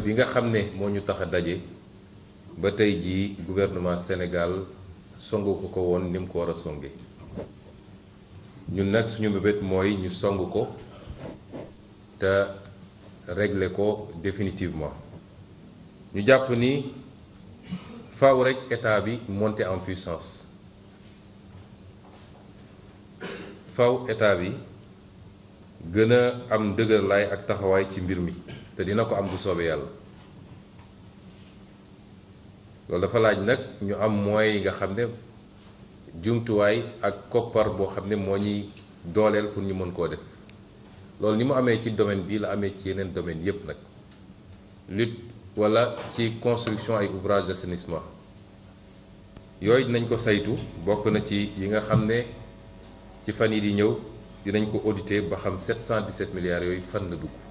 bi nga xam ne moo ñu tax daje ba tey jii gouvernement Sénégal songu ko ko woon ni ko war a songe ñun nag suñu mbébét mooy ñu songu ko te régle ko définitivement ñu jàpp ni faaw rek état bi monter en puissance faw état bi gën a am dëgër ak taxawaay ci mbir mi te dina ko am bu soobee yàlla loolu dafa laaj nag ñu am moyens nga xam ne jumtuwaay ak koppar boo xam ne moo ñuy dooleel pour ñu mën koo def loolu ni mu amee ci domaine bii la amee ci yeneen domaine yépp nag lutte wala ci construction ay ouvrage d'assainissement yooyu dinañ ko saytu bokk na ci yi nga xam ne ci fan yi di ñëw dinañ ko auditer ba xam 717 milliards yooyu fan la dugg